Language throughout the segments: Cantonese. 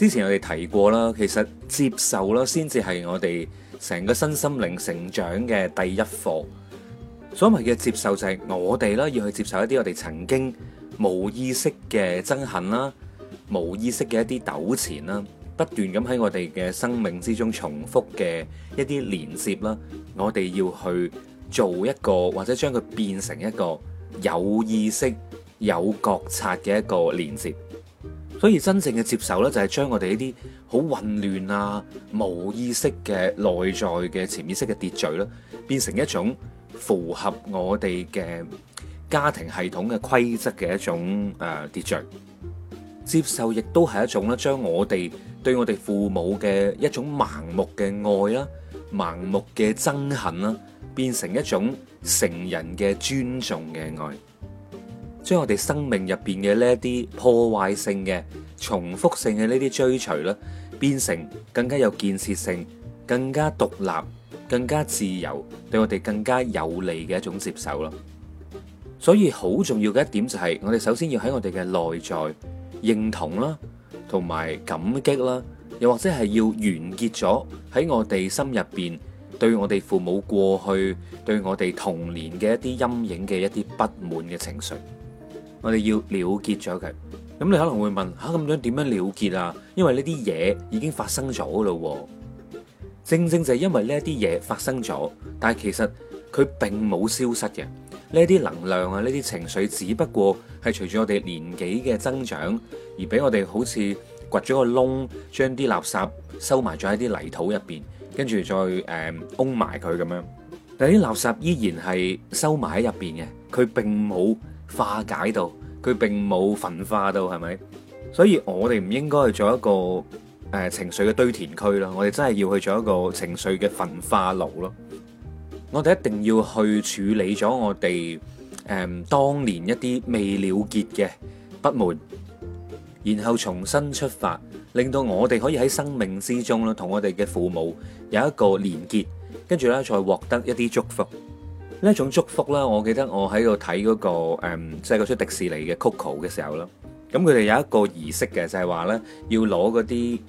之前我哋提過啦，其實接受啦，先至係我哋成個身心靈成長嘅第一課。所謂嘅接受就係我哋啦，要去接受一啲我哋曾經冇意識嘅憎恨啦，冇意識嘅一啲糾纏啦，不斷咁喺我哋嘅生命之中重複嘅一啲連接啦，我哋要去做一個或者將佢變成一個有意識、有覺察嘅一個連接。所以真正嘅接受呢，就係將我哋呢啲好混亂啊、冇意識嘅內在嘅潛意識嘅秩序啦，變成一種符合我哋嘅家庭系統嘅規則嘅一種誒秩序。接受亦都係一種咧，將我哋對我哋父母嘅一種盲目嘅愛啦、盲目嘅憎恨啦，變成一種成人嘅尊重嘅愛。將我哋生命入邊嘅呢一啲破壞性嘅重複性嘅呢啲追隨啦，變成更加有建設性、更加獨立、更加自由，對我哋更加有利嘅一種接受咯。所以好重要嘅一點就係，我哋首先要喺我哋嘅內在認同啦，同埋感激啦，又或者係要完結咗喺我哋心入邊對我哋父母過去、對我哋童年嘅一啲陰影嘅一啲不滿嘅情緒。我哋要了結咗佢，咁你可能會問吓咁樣點樣了結啊？因為呢啲嘢已經發生咗咯，正正就係因為呢一啲嘢發生咗，但係其實佢並冇消失嘅，呢一啲能量啊，呢啲情緒只不過係隨住我哋年紀嘅增長而俾我哋好似掘咗個窿，將啲垃圾收埋咗喺啲泥土入邊，跟住再誒封埋佢咁樣，但係啲垃圾依然係收埋喺入邊嘅，佢並冇。化解到，佢並冇焚化到，係咪？所以我哋唔應該去做一個誒、呃、情緒嘅堆填區咯，我哋真係要去做一個情緒嘅焚化爐咯。我哋一定要去處理咗我哋誒、呃、當年一啲未了結嘅不滿，然後重新出發，令到我哋可以喺生命之中咧，同我哋嘅父母有一個連結，跟住咧再獲得一啲祝福。呢一種祝福呢，我記得我喺度睇嗰個即係出迪士尼嘅 Coco 嘅時候啦，咁佢哋有一個儀式嘅，就係話呢，要攞嗰啲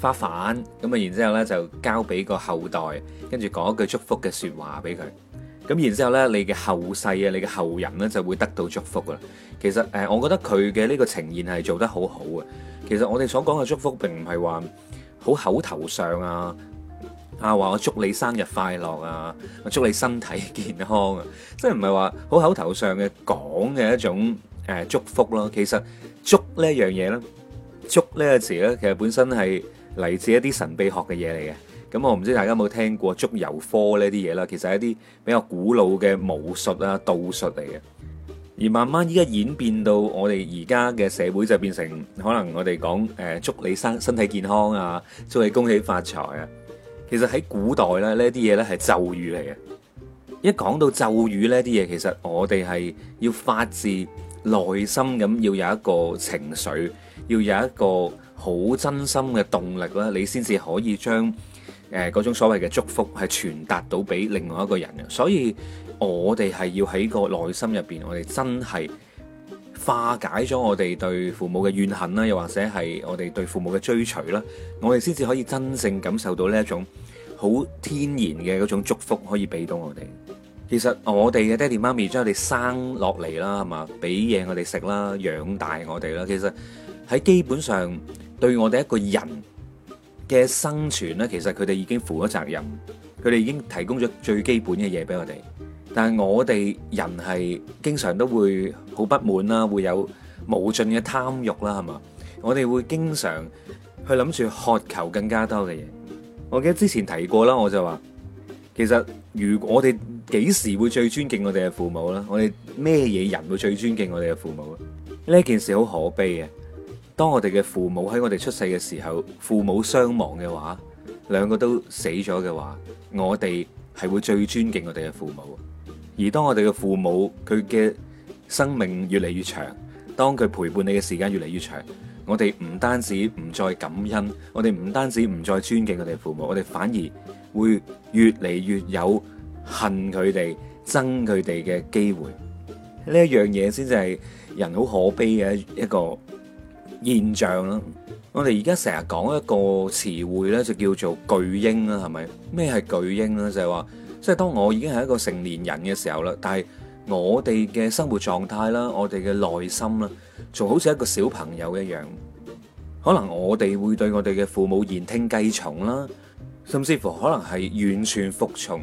花瓣，咁啊，然之後呢，就交俾個後代，跟住講一句祝福嘅説話俾佢，咁然之後呢，你嘅後世啊，你嘅後人呢，就會得到祝福噶啦。其實誒，我覺得佢嘅呢個呈現係做得好好啊。其實我哋所講嘅祝福並唔係話好口頭上啊。啊！話我祝你生日快樂啊！我祝你身體健康啊！即係唔係話好口頭上嘅講嘅一種誒祝福咯。其實祝呢一樣嘢咧，祝呢個詞咧，其實本身係嚟自一啲神秘學嘅嘢嚟嘅。咁我唔知大家有冇聽過祝由科呢啲嘢啦？其實係一啲比較古老嘅巫術啊、道術嚟嘅。而慢慢依家演變到我哋而家嘅社會就變成可能我哋講誒祝你生身體健康啊，祝你恭喜發財啊！其實喺古代咧，呢啲嘢呢係咒語嚟嘅。一講到咒語呢啲嘢，其實我哋係要發自內心咁，要有一個情緒，要有一個好真心嘅動力啦，你先至可以將嗰種所謂嘅祝福係傳達到俾另外一個人嘅。所以我哋係要喺個內心入邊，我哋真係，化解咗我哋對父母嘅怨恨啦，又或者係我哋對父母嘅追隨啦，我哋先至可以真正感受到呢一種好天然嘅嗰種祝福，可以俾到我哋。其實我哋嘅爹地媽咪將我哋生落嚟啦，係嘛，俾嘢我哋食啦，養大我哋啦。其實喺基本上對我哋一個人嘅生存咧，其實佢哋已經負咗責任，佢哋已經提供咗最基本嘅嘢俾我哋。但係我哋人係經常都會好不滿啦，會有無盡嘅貪慾啦，係嘛？我哋會經常去諗住渴求更加多嘅嘢。我記得之前提過啦，我就話，其實如果我哋幾時會最尊敬我哋嘅父母咧？我哋咩嘢人會最尊敬我哋嘅父母？呢件事好可悲呀！當我哋嘅父母喺我哋出世嘅時候，父母雙亡嘅話，兩個都死咗嘅話，我哋係會最尊敬我哋嘅父母。而當我哋嘅父母，佢嘅生命越嚟越長，當佢陪伴你嘅時間越嚟越長，我哋唔單止唔再感恩，我哋唔單止唔再尊敬我哋父母，我哋反而會越嚟越有恨佢哋、憎佢哋嘅機會。呢一樣嘢先至係人好可悲嘅一個現象啦。我哋而家成日講一個詞彙呢，就叫做巨嬰啦，係咪？咩係巨嬰呢？就係話。即係當我已經係一個成年人嘅時候啦，但係我哋嘅生活狀態啦，我哋嘅內心啦，仲好似一個小朋友一樣。可能我哋會對我哋嘅父母言聽計從啦，甚至乎可能係完全服從。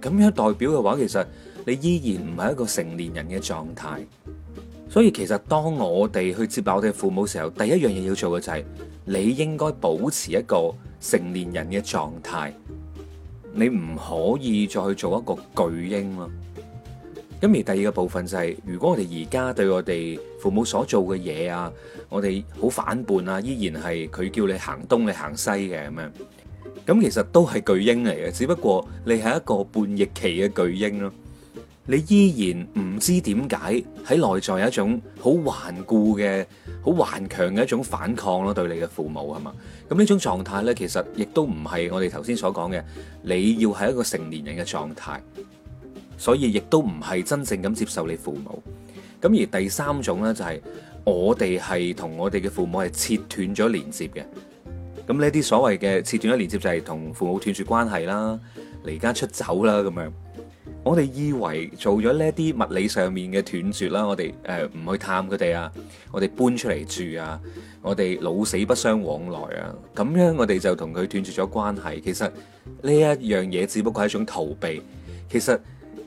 咁樣代表嘅話，其實你依然唔係一個成年人嘅狀態。所以其實當我哋去接納我哋父母嘅時候，第一樣嘢要做嘅就係、是，你應該保持一個成年人嘅狀態。你唔可以再去做一個巨嬰咯。咁而第二個部分就係，如果我哋而家對我哋父母所做嘅嘢啊，我哋好反叛啊，依然係佢叫你行東你行西嘅咁樣，咁其實都係巨嬰嚟嘅，只不過你係一個叛逆期嘅巨嬰咯。你依然唔知點解喺內在有一種好頑固嘅、好頑強嘅一種反抗咯，對你嘅父母係嘛？咁呢種狀態呢，其實亦都唔係我哋頭先所講嘅，你要係一個成年人嘅狀態，所以亦都唔係真正咁接受你父母。咁而第三種呢，就係我哋係同我哋嘅父母係切斷咗連接嘅。咁呢啲所謂嘅切斷咗連接，就係同父母斷絕關係啦、離家出走啦咁樣。我哋以為做咗呢啲物理上面嘅斷絕啦，我哋誒唔去探佢哋啊，我哋搬出嚟住啊，我哋老死不相往來啊，咁樣我哋就同佢斷絕咗關係。其實呢一樣嘢，只不過係一種逃避。其實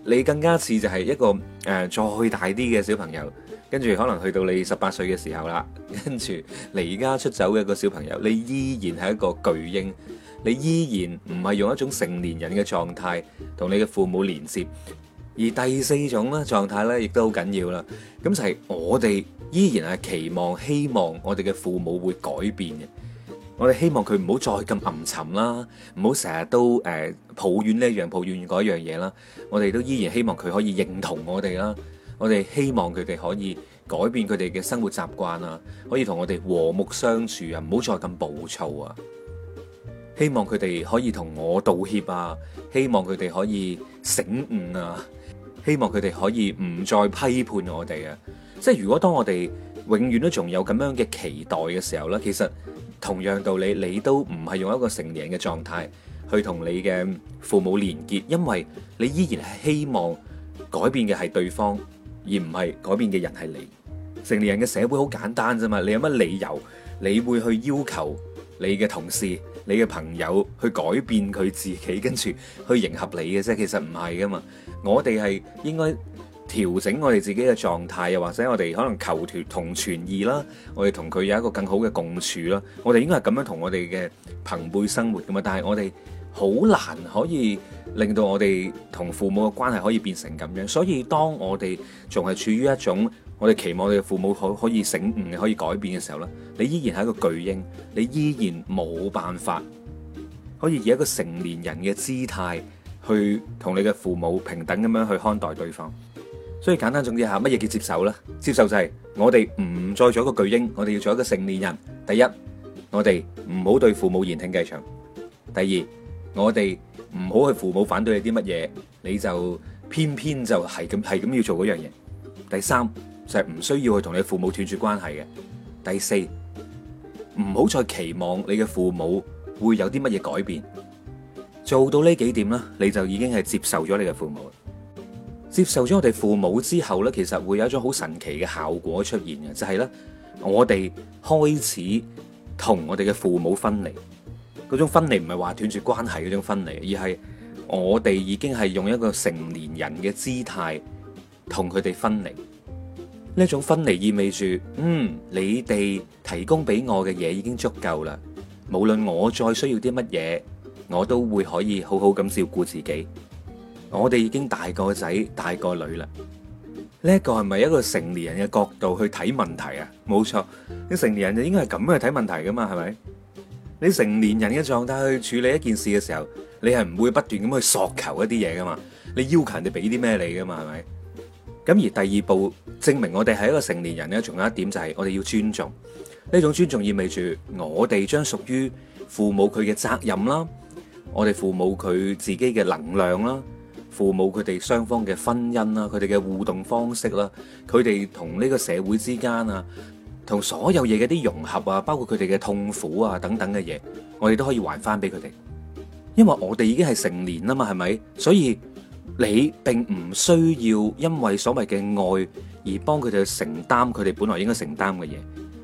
你更加似就係一個誒、呃、再大啲嘅小朋友，跟住可能去到你十八歲嘅時候啦，跟住離家出走嘅一個小朋友，你依然係一個巨嬰。你依然唔係用一種成年人嘅狀態同你嘅父母連接，而第四種咧狀態咧亦都好緊要啦。咁就係我哋依然係期望希望我哋嘅父母會改變嘅。我哋希望佢唔好再咁陰沉啦，唔好成日都誒抱怨呢一樣抱怨嗰一樣嘢啦。我哋都依然希望佢可以認同我哋啦，我哋希望佢哋可以改變佢哋嘅生活習慣啊，可以同我哋和睦相處啊，唔好再咁暴躁啊。希望佢哋可以同我道歉啊！希望佢哋可以醒悟啊！希望佢哋可以唔再批判我哋啊！即係如果當我哋永遠都仲有咁樣嘅期待嘅時候咧，其實同樣道理，你都唔係用一個成年人嘅狀態去同你嘅父母連結，因為你依然係希望改變嘅係對方，而唔係改變嘅人係你。成年人嘅社會好簡單啫嘛，你有乜理由你會去要求你嘅同事？你嘅朋友去改變佢自己，跟住去迎合你嘅啫，其實唔係噶嘛。我哋係應該調整我哋自己嘅狀態，又或者我哋可能求同存異啦，我哋同佢有一個更好嘅共處啦。我哋應該係咁樣同我哋嘅朋輩生活噶嘛，但係我哋，好難可以令到我哋同父母嘅關係可以變成咁樣，所以當我哋仲係處於一種我哋期望你嘅父母可可以醒悟、可以改變嘅時候咧，你依然係一個巨嬰，你依然冇辦法可以以一個成年人嘅姿態去同你嘅父母平等咁樣去看待對方。所以簡單總結下，乜嘢叫接受咧？接受就係我哋唔再做一個巨嬰，我哋要做一個成年人。第一，我哋唔好對父母言聽計從；第二。我哋唔好去父母反對你啲乜嘢，你就偏偏就係咁係咁要做嗰樣嘢。第三就係唔需要去同你父母斷絕關係嘅。第四，唔好再期望你嘅父母會有啲乜嘢改變。做到呢幾點咧，你就已經係接受咗你嘅父母了。接受咗我哋父母之後咧，其實會有一種好神奇嘅效果出現嘅，就係咧，我哋開始同我哋嘅父母分離。嗰種分離唔係話斷絕關係嗰種分離，而係我哋已經係用一個成年人嘅姿態同佢哋分離。呢一種分離意味住，嗯，你哋提供俾我嘅嘢已經足夠啦。無論我再需要啲乜嘢，我都會可以好好咁照顧自己。我哋已經大個仔大個女啦。呢一個係咪一個成年人嘅角度去睇問題啊？冇錯，啲成年人就應該係咁樣去睇問題噶嘛，係咪？你成年人嘅狀態去處理一件事嘅時候，你係唔會不斷咁去索求一啲嘢㗎嘛？你要求人哋俾啲咩你㗎嘛？係咪？咁而第二步證明我哋係一個成年人咧，仲有一點就係我哋要尊重。呢種尊重意味住我哋將屬於父母佢嘅責任啦，我哋父母佢自己嘅能量啦，父母佢哋雙方嘅婚姻啦，佢哋嘅互動方式啦，佢哋同呢個社會之間啊。同所有嘢嘅啲融合啊，包括佢哋嘅痛苦啊等等嘅嘢，我哋都可以還翻俾佢哋，因為我哋已經係成年啦嘛，係咪？所以你並唔需要因為所謂嘅愛而幫佢哋承擔佢哋本來應該承擔嘅嘢，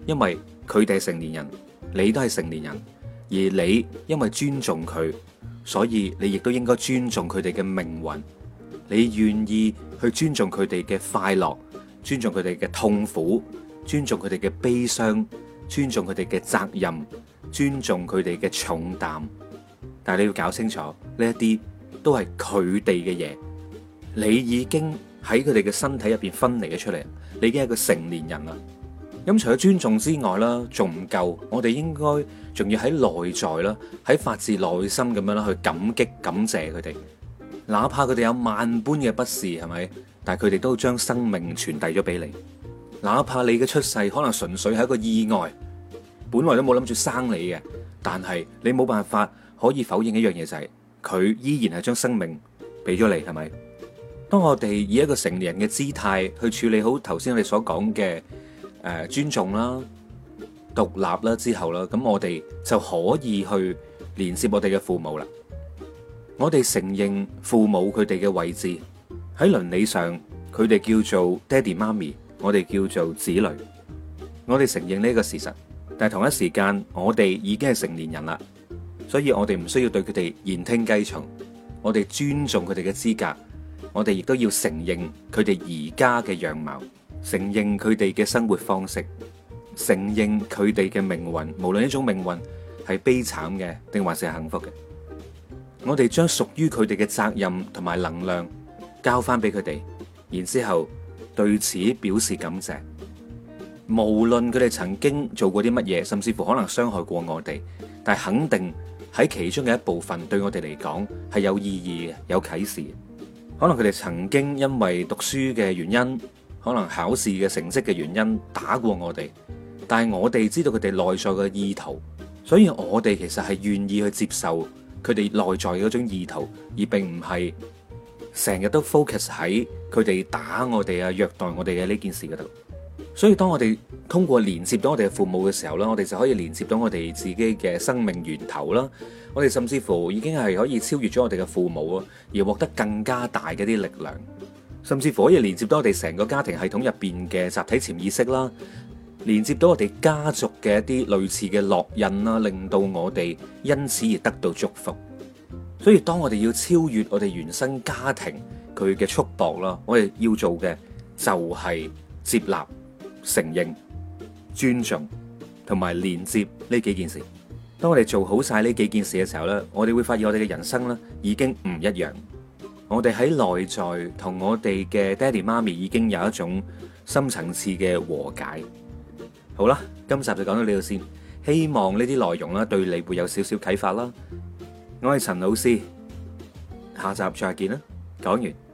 因為佢哋係成年人，你都係成年人，而你因為尊重佢，所以你亦都應該尊重佢哋嘅命運，你願意去尊重佢哋嘅快樂，尊重佢哋嘅痛苦。尊重佢哋嘅悲傷，尊重佢哋嘅責任，尊重佢哋嘅重擔。但係你要搞清楚，呢一啲都係佢哋嘅嘢。你已經喺佢哋嘅身體入邊分離咗出嚟，你已經係個成年人啦。咁、嗯、除咗尊重之外啦，仲唔夠？我哋應該仲要喺內在啦，喺發自內心咁樣啦去感激、感謝佢哋。哪怕佢哋有萬般嘅不是，係咪？但係佢哋都將生命傳遞咗俾你。哪怕你嘅出世可能純粹係一個意外，本來都冇諗住生你嘅，但係你冇辦法可以否認一樣嘢，就係佢依然係將生命俾咗你，係咪？當我哋以一個成年人嘅姿態去處理好頭先我哋所講嘅誒，尊重啦、獨立啦之後啦，咁我哋就可以去連接我哋嘅父母啦。我哋承認父母佢哋嘅位置喺倫理上，佢哋叫做爹哋媽咪，我哋叫做子女，我哋承認呢個事實，但係同一時間，我哋已經係成年人啦，所以我哋唔需要對佢哋言聽計從，我哋尊重佢哋嘅資格，我哋亦都要承認佢哋而家嘅樣貌，承認佢哋嘅生活方式，承認佢哋嘅命運，無論呢種命運係悲慘嘅定還是幸福嘅，我哋將屬於佢哋嘅責任同埋能量交翻俾佢哋，然之後。對此表示感謝，無論佢哋曾經做過啲乜嘢，甚至乎可能傷害過我哋，但肯定喺其中嘅一部分對我哋嚟講係有意義有啟示。可能佢哋曾經因為讀書嘅原因，可能考試嘅成績嘅原因打過我哋，但係我哋知道佢哋內在嘅意圖，所以我哋其實係願意去接受佢哋內在嗰種意圖，而並唔係。成日都 focus 喺佢哋打我哋啊、虐待我哋嘅呢件事嗰度，所以當我哋通過連接到我哋嘅父母嘅時候咧，我哋就可以連接到我哋自己嘅生命源頭啦。我哋甚至乎已經係可以超越咗我哋嘅父母啊，而獲得更加大嘅啲力量，甚至乎可以連接到我哋成個家庭系統入邊嘅集體潛意識啦，連接到我哋家族嘅一啲類似嘅烙印啊，令到我哋因此而得到祝福。所以，當我哋要超越我哋原生家庭佢嘅束縛啦，我哋要做嘅就係接納、承認、尊重同埋連接呢幾件事。當我哋做好晒呢幾件事嘅時候咧，我哋會發現我哋嘅人生咧已經唔一樣。我哋喺內在同我哋嘅爹哋媽咪已經有一種深層次嘅和解。好啦，今集就講到呢度先。希望呢啲內容啦，對你會有少少啟發啦。我係陳老師，下集再見啦，講完。